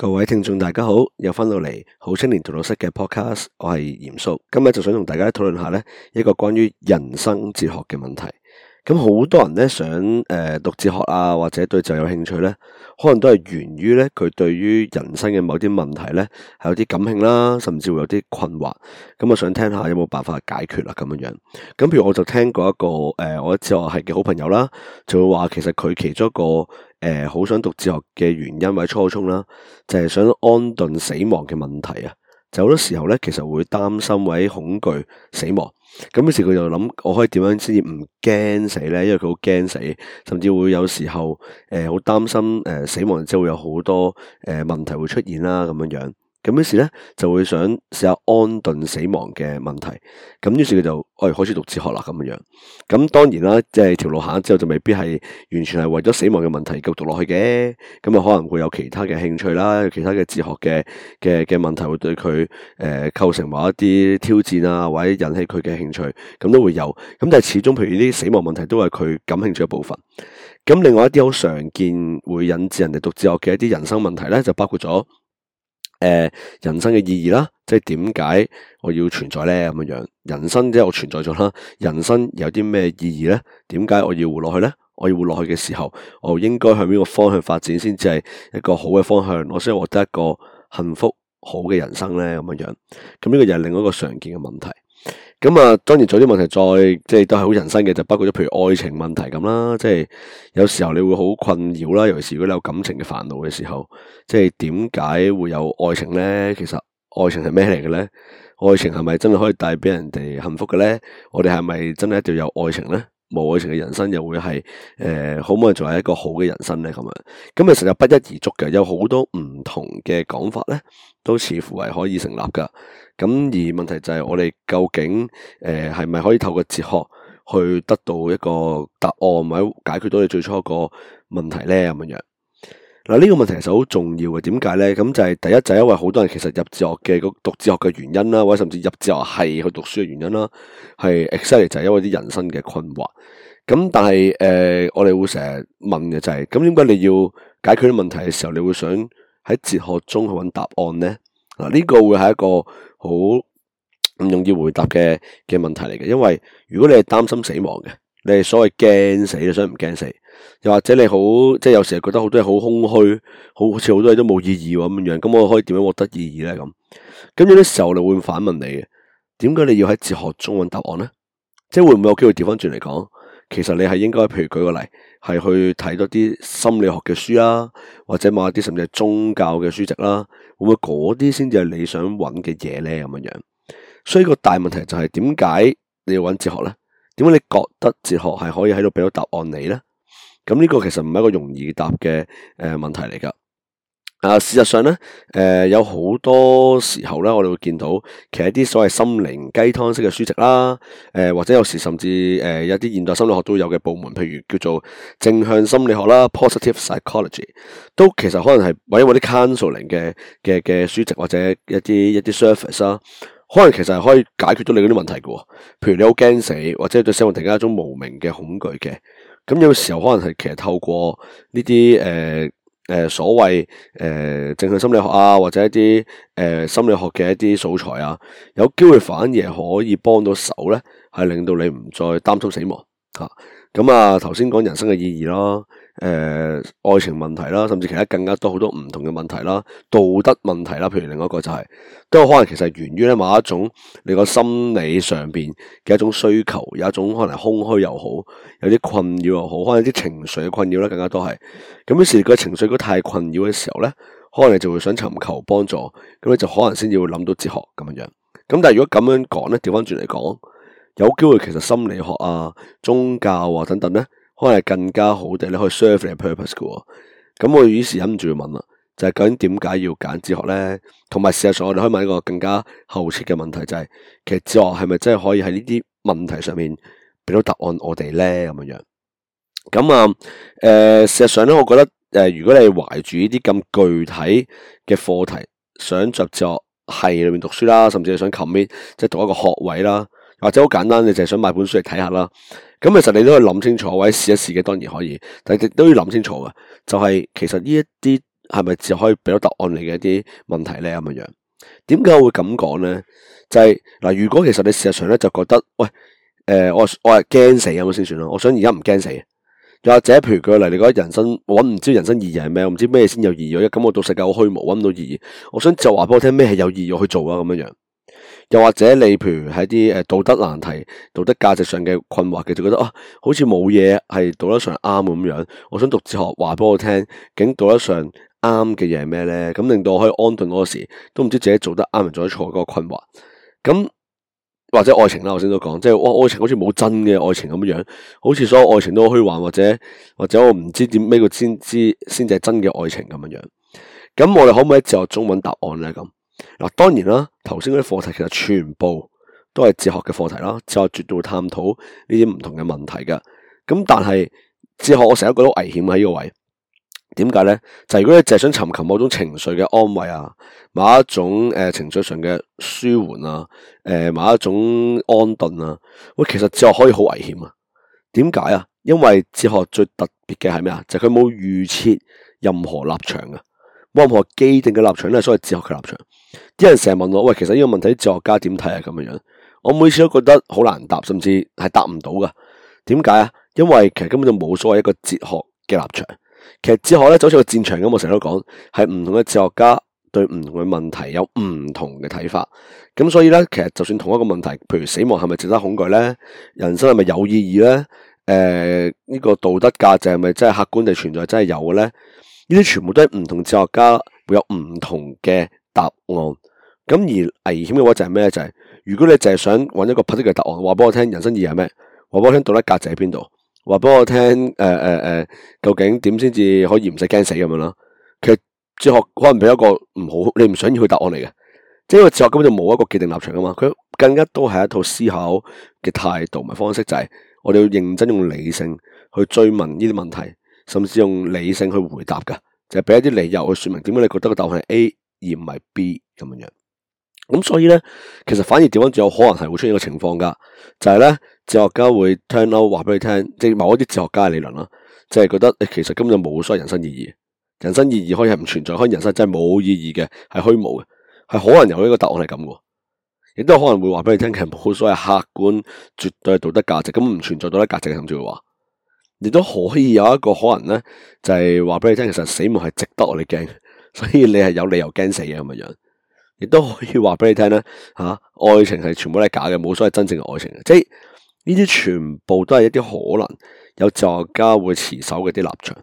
各位聽眾大家好，又翻到嚟好青年荼毒室嘅 podcast，我係鹽叔，今日就想同大家討論下咧一個關於人生哲學嘅問題。咁好多人咧想，誒、呃、讀哲學啊，或者對就有興趣咧，可能都係源於咧佢對於人生嘅某啲問題咧，係有啲感興趣啦，甚至會有啲困惑。咁我想聽下有冇辦法解決啦、啊，咁樣樣。咁譬如我就聽過一個誒、呃，我哲學系嘅好朋友啦，就會話其實佢其中一個誒好、呃、想讀哲學嘅原因或者初衷啦，就係、是、想安頓死亡嘅問題啊。就好多時候咧，其實會擔心或者恐懼死亡。咁於是佢就諗，我可以點樣先至唔驚死咧？因為佢好驚死，甚至會有時候誒，好、呃、擔心誒、呃，死亡之後有好多誒、呃、問題會出現啦，咁樣樣。咁於是咧，就會想試下安頓死亡嘅問題。咁於是佢就，哎，開始讀哲學啦咁樣。咁當然啦，即係條路行之後就未必係完全係為咗死亡嘅問題繼續讀落去嘅。咁啊，可能會有其他嘅興趣啦，其他嘅哲學嘅嘅嘅問題會對佢誒、呃、構成某一啲挑戰啊，或者引起佢嘅興趣，咁都會有。咁但係始終，譬如啲死亡問題都係佢感興趣嘅部分。咁另外一啲好常見會引致人哋讀哲學嘅一啲人生問題咧，就包括咗。誒，人生嘅意義啦，即係點解我要存在咧？咁樣樣，人生即係我存在咗啦。人生有啲咩意義咧？點解我要活落去咧？我要活落去嘅時候，我應該向邊個方向發展先至係一個好嘅方向？我先獲得一個幸福好嘅人生咧？咁樣樣，咁呢個又係另外一個常見嘅問題。咁啊，當然仲有啲問題再，再即係都係好人生嘅，就包括咗譬如愛情問題咁啦，即係有時候你會好困擾啦，尤其是如果你有感情嘅煩惱嘅時候，即係點解會有愛情咧？其實愛情係咩嚟嘅咧？愛情係咪真係可以帶畀人哋幸福嘅咧？我哋係咪真係一定要有愛情咧？冇愛情嘅人生又會係誒、呃，可唔可以作為一個好嘅人生咧？咁樣咁啊，成日不一而足嘅，有好多唔同嘅講法咧，都似乎係可以成立噶。咁而問題就係，我哋究竟誒係咪可以透過哲學去得到一個答案，或者解決到你最初一個問題咧？咁樣。嗱，呢個問題其實好重要嘅，點解咧？咁就係第一就係、是、因為好多人其實入哲學嘅個讀哲學嘅原因啦，或者甚至入哲學係去讀書嘅原因啦，係 exactly 就係因為啲人生嘅困惑。咁但係誒、呃，我哋會成日問嘅就係、是，咁點解你要解決啲問題嘅時候，你會想喺哲學中去揾答案咧？嗱，呢個會係一個好唔容易回答嘅嘅問題嚟嘅，因為如果你係擔心死亡嘅，你係所謂驚死，你想唔驚死？又或者你好，即係有時候覺得好多嘢好空虛，好似好多嘢都冇意義咁樣。咁我可以點樣獲得意義咧？咁咁有啲時候我哋會反問你：點解你要喺哲學中揾答案咧？即係會唔會有機會調翻轉嚟講？其實你係應該，譬如舉個例，係去睇多啲心理學嘅書啊，或者買啲甚至係宗教嘅書籍啦，啊，會唔會嗰啲先至係你想揾嘅嘢咧？咁樣樣。所以個大問題就係點解你要揾哲學咧？點解你覺得哲學係可以喺度俾到答案你咧？咁呢個其實唔係一個容易答嘅誒問題嚟㗎。啊，事實上咧，誒、呃、有好多時候咧，我哋會見到其實啲所謂心靈雞湯式嘅書籍啦，誒、呃、或者有時甚至誒有啲現代心理學都有嘅部門，譬如叫做正向心理學啦 （positive psychology），都其實可能係為咗啲 counseling 嘅嘅嘅書籍或者一啲一啲 service 啦，可能其實係可以解決到你嗰啲問題嘅喎、哦。譬如你好驚死，或者對死亡突然間一種無名嘅恐懼嘅。咁有時候可能係其實透過呢啲誒誒所謂誒、呃、正向心理學啊，或者一啲誒、呃、心理學嘅一啲素材啊，有機會反而可以幫到手咧，係令到你唔再擔心死亡吓。咁啊頭先講人生嘅意義咯。誒、呃，愛情問題啦，甚至其他更加多好多唔同嘅問題啦，道德問題啦，譬如另外一個就係、是、都可能其實源於咧某一種你個心理上邊嘅一種需求，有一種可能空虛又好，有啲困擾又好，可能有啲情緒嘅困擾咧更加多係。咁於是個情緒太困擾嘅時候咧，可能你就會想尋求幫助，咁你就可能先至會諗到哲學咁樣。咁但係如果咁樣講咧，調翻轉嚟講，有機會其實心理學啊、宗教啊等等咧。可能係更加好，你可以 serve 你嘅 purpose 嘅喎、哦，咁我於是忍唔住問啦，就係、是、究竟點解要揀哲學咧？同埋事實上我哋可以問一個更加後設嘅問題、就是，就係其實哲學係咪真係可以喺呢啲問題上面俾到答案我哋咧咁樣樣？咁啊，誒、呃，事實上咧，我覺得誒、呃，如果你係懷住呢啲咁具體嘅課題想入哲學系裏面讀書啦，甚至係想 commit 即係讀一個學位啦。或者好簡單，你就係想買本書嚟睇下啦。咁其實你都可以諗清楚，或者試一試嘅，當然可以。但係亦都要諗清楚嘅，就係、是、其實呢一啲係咪只可以俾到答案嚟嘅一啲問題咧咁樣樣。點解我會咁講咧？就係、是、嗱，如果其實你事實上咧就覺得，喂，誒、呃，我我係驚死咁先算咯。我想而家唔驚死。又或者譬如佢嚟，你覺得人生我搵唔知人生意義係咩？我唔知咩先有意義。咁我讀世界好虛無，搵唔到意義。我想就話俾我聽咩係有意義，去做啊咁樣樣。又或者你譬如喺啲誒道德難題、道德價值上嘅困惑，就覺得啊，好似冇嘢係道德上啱咁樣。我想讀哲學話俾我聽，究竟道德上啱嘅嘢係咩咧？咁令到我可以安頓嗰個都唔知自己做得啱定做得錯嗰個困惑。咁或者愛情啦，頭先都講，即係哇，愛情好似冇真嘅愛情咁樣，好似所有愛情都好虛幻，或者或者我唔知點咩個先知先至係真嘅愛情咁樣樣。咁我哋可唔可以哲學中揾答案咧？咁？嗱，當然啦，頭先嗰啲課題其實全部都係哲學嘅課題啦，哲學絕對會探討呢啲唔同嘅問題㗎。咁但係哲學我，我成日覺得好危險喺呢個位，點解咧？就係，如果你淨係想尋求某種情緒嘅安慰啊，某一種誒、呃、情緒上嘅舒緩啊，誒、呃、某一種安頓啊，喂，其實哲學可以好危險啊。點解啊？因為哲學最特別嘅係咩啊？就係佢冇預設任何立場啊。溫和既定嘅立場咧，所謂哲學嘅立場，啲人成日問我喂，其實呢個問題哲學家點睇啊咁嘅樣，我每次都覺得好難答，甚至係答唔到噶。點解啊？因為其實根本就冇所謂一個哲學嘅立場。其實哲學咧就好似個戰場咁，我成日都講係唔同嘅哲學家對唔同嘅問題有唔同嘅睇法。咁所以咧，其實就算同一個問題，譬如死亡係咪值得恐懼咧？人生係咪有意義咧？誒、呃，呢、這個道德價值係咪真係客觀地存在真，真係有嘅咧？呢啲全部都係唔同哲學家會有唔同嘅答案，咁而危險嘅話就係咩？就係、是、如果你就係想揾一個 perfect 嘅答案，話俾我聽人生意義係咩？話俾我聽道德價值喺邊度？話俾我聽誒誒誒，究竟點先至可以唔使驚死咁樣咯？其實哲學可能係一個唔好，你唔想要去答案嚟嘅，即係因為哲學根本就冇一個既定立場啊嘛。佢更加都係一套思考嘅態度同埋方式，就係、是、我哋要認真用理性去追問呢啲問題。甚至用理性去回答噶，就係、是、俾一啲理由去說明，點解你覺得個答案係 A 而唔係 B 咁樣樣。咁所以咧，其實反而點講，仲有可能係會出現一個情況噶，就係、是、咧，哲學家會聽嬲話俾你聽，即係某一啲哲學家嘅理論啦，即、就、係、是、覺得、哎、其實根本就冇所謂人生意義，人生意義可以係唔存在，可以人生真係冇意義嘅，係虛無嘅，係可能有一個答案係咁噶。亦都可能會話俾你聽，其實冇所謂客觀絕對道德價值，根本唔存在道德價值嘅咁樣嘅話。你都可以有一個可能咧，就係話俾你聽，其實死亡係值得我哋驚，所以你係有理由驚死嘅咁嘅樣。亦都可以話俾你聽咧，嚇、啊、愛情係全部都係假嘅，冇所謂真正嘅愛情嘅，即係呢啲全部都係一啲可能有哲學家會持守嘅啲立場。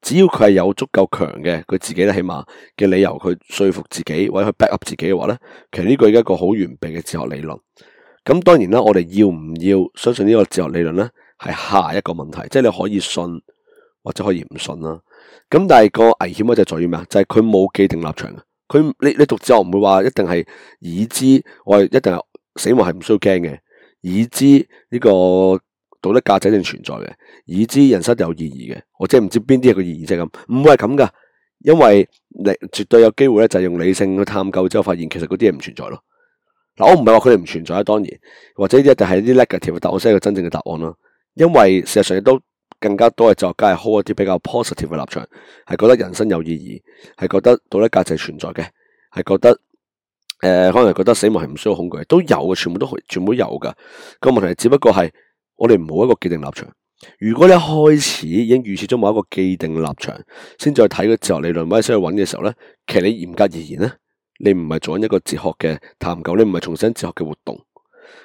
只要佢係有足夠強嘅佢自己咧，起碼嘅理由去説服自己或者去 back up 自己嘅話咧，其實呢個係一個好完備嘅哲學理論。咁當然啦，我哋要唔要相信呢個哲學理論咧？係下一個問題，即係你可以信或者可以唔信啦。咁但係個危險嗰就在於咩啊？就係佢冇既定立場。佢你你讀之後唔會話一定係已知，我係一定係死亡係唔需要驚嘅，已知呢個道德價值一定存在嘅，已知人生有意義嘅。或者唔知邊啲係個意義咁，唔會係咁噶因為你絕對有機會咧，就係用理性去探究之後，發現其實嗰啲嘢唔存在咯。嗱，我唔係話佢哋唔存在啊，當然或者一定係啲 negative 嘅答案我先係個真正嘅答案啦。因為事實上亦都更加多嘅哲學家係 hold 一啲比較 positive 嘅立場，係覺得人生有意義，係覺得道德價值存在嘅，係覺得誒、呃、可能覺得死亡係唔需要恐懼都有嘅，全部都全部都有噶。個問題只不過係我哋冇一個既定立場。如果你一開始已經預設咗某一個既定立場，先再睇嘅哲學理論，或者先去揾嘅時候咧，其實你嚴格而言咧，你唔係做緊一個哲學嘅探究，你唔係重新哲學嘅活動，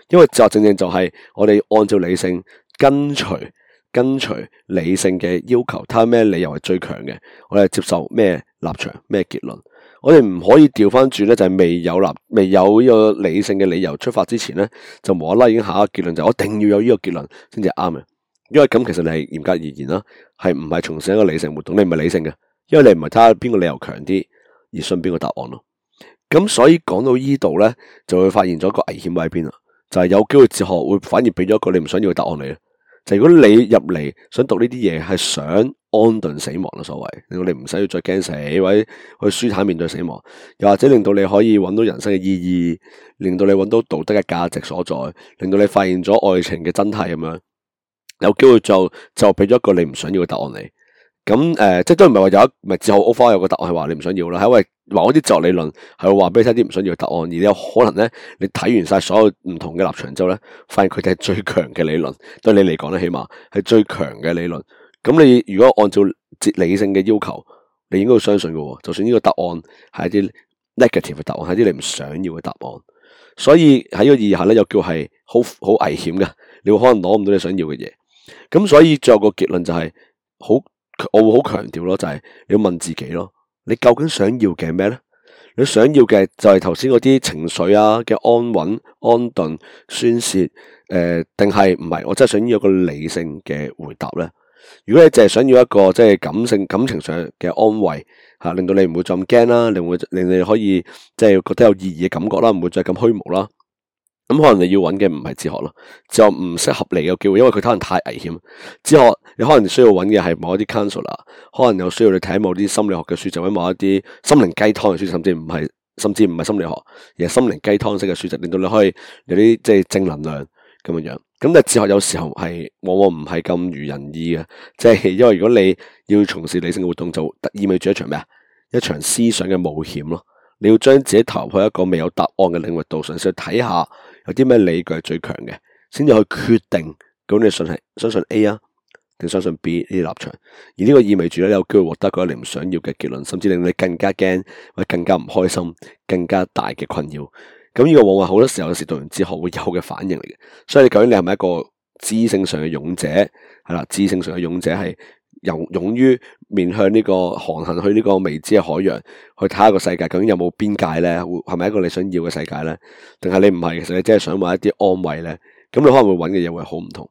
因為哲學正正就係我哋按照理性，跟隨跟隨理性嘅要求，睇下咩理由係最強嘅，我哋接受咩立場咩結論，我哋唔可以掉翻轉咧，就係未有立未有呢個理性嘅理由出發之前咧，就無啦啦已經下個結論，就是、一定要有呢個結論先至啱嘅。因為咁其實你係嚴格而言啦，係唔係從事一個理性活動，你唔係理性嘅，因為你唔係睇下邊個理由強啲而信邊個答案咯。咁所以講到呢度咧，就會發現咗一個危險喺邊啦，就係、是、有機會哲學會反而俾咗一個你唔想要嘅答案你。就如果你入嚟想讀呢啲嘢，係想安頓死亡啦，所謂令到你唔使要再驚死，或者去舒坦面對死亡，又或者令到你可以揾到人生嘅意義，令到你揾到道德嘅價值所在，令到你發現咗愛情嘅真諦咁樣，有機會就就畀咗一個你唔想要嘅答案你。咁誒、呃，即係都唔係話有一，咪就屋花有個答案係話你唔想要啦。係因為話嗰啲哲學理論係話俾你聽啲唔想要嘅答案，而你有可能咧，你睇完晒所有唔同嘅立場之後咧，發現佢哋係最強嘅理論，對你嚟講咧，起碼係最強嘅理論。咁你如果按照哲理性嘅要求，你應該要相信嘅、哦，就算呢個答案係一啲 negative 嘅答案，係啲你唔想要嘅答案。所以喺呢個意義下咧，又叫係好好危險嘅，你會可能攞唔到你想要嘅嘢。咁所以最後個結論就係、是、好。我會好強調咯，就係你要問自己咯，你究竟想要嘅咩咧？你想要嘅就係頭先嗰啲情緒啊嘅安穩、安頓、宣洩，誒、呃，定係唔係？我真係想要一個理性嘅回答咧。如果你淨係想要一個即係、就是、感性、感情上嘅安慰，吓令到你唔會再咁驚啦，令會令你可以即係、就是、覺得有意義嘅感覺啦，唔會再咁虛無啦。咁可能你要揾嘅唔係哲學咯，就唔適合你嘅機會，因為佢可能太危險。哲學你可能需要揾嘅係某一啲 counselor 啦，可能有需要你睇某啲心理學嘅書，就或者某一啲心靈雞湯嘅書，甚至唔係，甚至唔係心理學，而係心靈雞湯式嘅書籍，令到你可以有啲即係正能量咁嘅樣。咁但哲學有時候係往往唔係咁如人意嘅，即係因為如果你要從事理性嘅活動，就意味住一場咩啊？一場思想嘅冒險咯。你要將自己投去一個未有答案嘅領域度，嘗試去睇下。有啲咩理據係最強嘅，先至去決定咁你信係相信 A 啊，定相信 B 呢啲立場？而呢個意味住咧，有機會獲得嗰啲你唔想要嘅結論，甚至令你更加驚，或者更加唔開心，更加大嘅困擾。咁呢個往往好多時候有時讀完之後會有嘅反應嚟嘅。所以你究竟你係咪一個知性上嘅勇者？係啦，知性上嘅勇者係。勇勇於面向呢個航行去呢個未知嘅海洋，去睇下個世界究竟有冇邊界咧？係咪一個你想要嘅世界咧？定係你唔係？其實你真係想揾一啲安慰咧？咁你可能會揾嘅嘢會好唔同。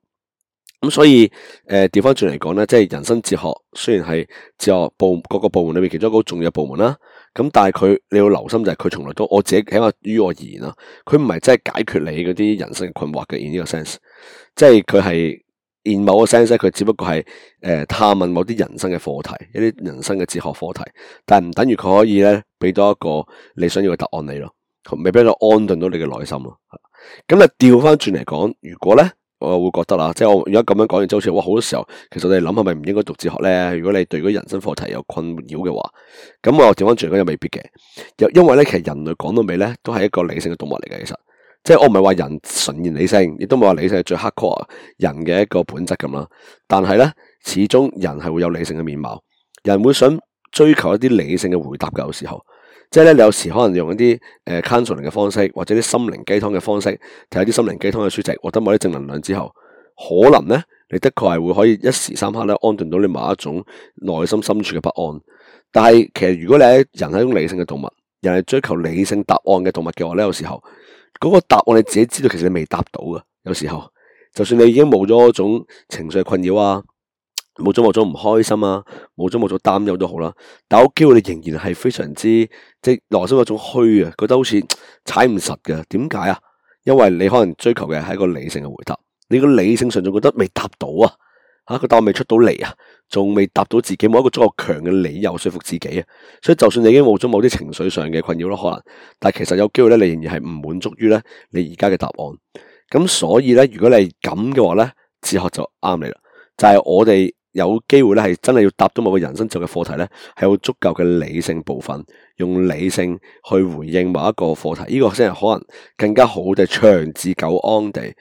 咁所以誒調翻轉嚟講咧，即係人生哲學雖然係哲學部各個部門裏面其中一個好重要嘅部門啦。咁但係佢你要留心就係佢從來都我自己喺我於我而言啦，佢唔係真係解決你嗰啲人生嘅困惑嘅。in 呢個 sense，即係佢係。變某個 sense 佢只不過係誒探問某啲人生嘅課題，一啲人生嘅哲學課題，但係唔等於佢可以咧俾多一個你想要嘅答案你咯，未必能夠安頓到你嘅內心咯。咁啊調翻轉嚟講，如果咧我會覺得啊，即係我如果咁樣講完，即係好似哇好多時候，其實你哋諗下，係咪唔應該讀哲學咧？如果你對嗰人生課題有困擾嘅話，咁我調翻轉講又未必嘅，又因為咧其實人類講到尾咧都係一個理性嘅動物嚟嘅，其實。即係我唔係話人純然理性，亦都冇話理性係最核心人嘅一個本質咁啦。但係咧，始終人係會有理性嘅面貌，人會想追求一啲理性嘅回答嘅。有時候，即係咧，你有時可能用一啲誒 counseling 嘅方式，或者啲心靈雞湯嘅方式，睇一啲心靈雞湯嘅書籍，獲得某啲正能量之後，可能咧你的確係會可以一時三刻咧安頓到你某一種內心深處嘅不安。但係其實如果你喺人係一種理性嘅動物，人係追求理性答案嘅動物嘅話咧，有時候。嗰個答案你自己知道，其實你未答到㗎。有時候，就算你已經冇咗嗰種情緒困擾啊，冇咗冇咗唔開心啊，冇咗冇咗擔憂都好啦，但係我驚你仍然係非常之即係內心有一種虛啊，覺得好似踩唔實嘅。點解啊？因為你可能追求嘅係一個理性嘅回答，你個理性上仲覺得未答到啊，吓個答案未出到嚟啊。仲未答到自己某一個足夠強嘅理由說服自己啊，所以就算你已經冇咗某啲情緒上嘅困擾咯，可能，但係其實有機會咧，你仍然係唔滿足於咧你而家嘅答案。咁所以咧，如果你係咁嘅話咧，哲學就啱你啦。就係我哋有機會咧，係真係要答到某個人生做嘅課題咧，係有足夠嘅理性部分，用理性去回應某一個課題，呢個先係可能更加好嘅長治久安地去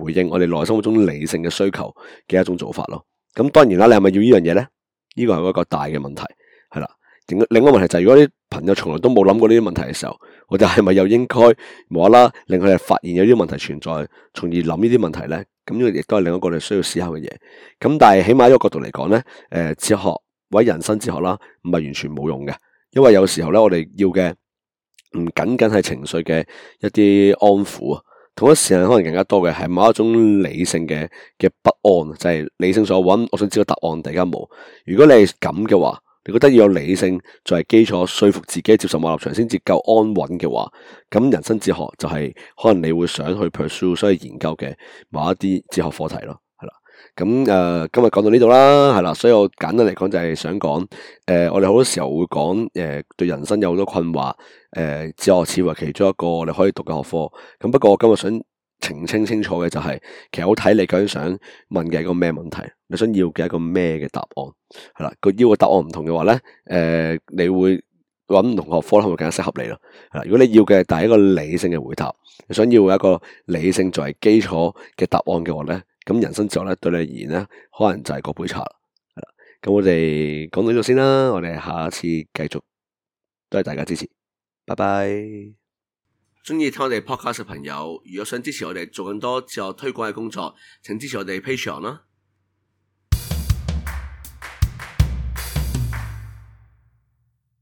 回應我哋內心嗰種理性嘅需求嘅一種做法咯。咁當然啦，你係咪要呢樣嘢咧？呢個係一個大嘅問題，係啦。另一另一個問題就係、是，如果啲朋友從來都冇諗過呢啲問題嘅時候，我哋係咪又應該無啦啦令佢哋發現有啲問題存在，從而諗呢啲問題咧？咁呢個亦都係另一個我哋需要思考嘅嘢。咁但係起碼一個角度嚟講咧，誒、呃、哲學或者人生哲學啦，唔係完全冇用嘅，因為有時候咧，我哋要嘅唔僅僅係情緒嘅一啲安撫。同一時間可能更加多嘅係某一種理性嘅嘅不安，就係、是、理性所揾，我想知道答案，大家冇。如果你係咁嘅話，你覺得要有理性作為基礎，說服自己接受某立場先至夠安穩嘅話，咁人生哲學就係可能你會想去 pursue，所以研究嘅某一啲哲學課題咯。咁誒、呃，今日講到呢度啦，係啦，所以我簡單嚟講就係想講，誒、呃，我哋好多時候會講，誒、呃，對人生有好多困惑，誒、呃，哲學似乎其中一個你可以讀嘅學科。咁不過我今日想澄清清楚嘅就係、是，其實好睇你究竟想問嘅一個咩問題，你想要嘅一個咩嘅答案，係啦，個要嘅答案唔同嘅話咧，誒、呃，你會搵唔同學科係咪更加適合你咯？係啦，如果你要嘅係一個理性嘅回答，你想要一個理性作為基礎嘅答案嘅話咧。咁人生座咧對你而言咧，可能就係嗰杯茶，係啦。咁我哋講到呢度先啦，我哋下次繼續，多謝大家支持，拜拜。中意聽我哋 podcast 嘅朋友，如果想支持我哋做更多自我推廣嘅工作，請支持我哋 Patreon 啦、啊。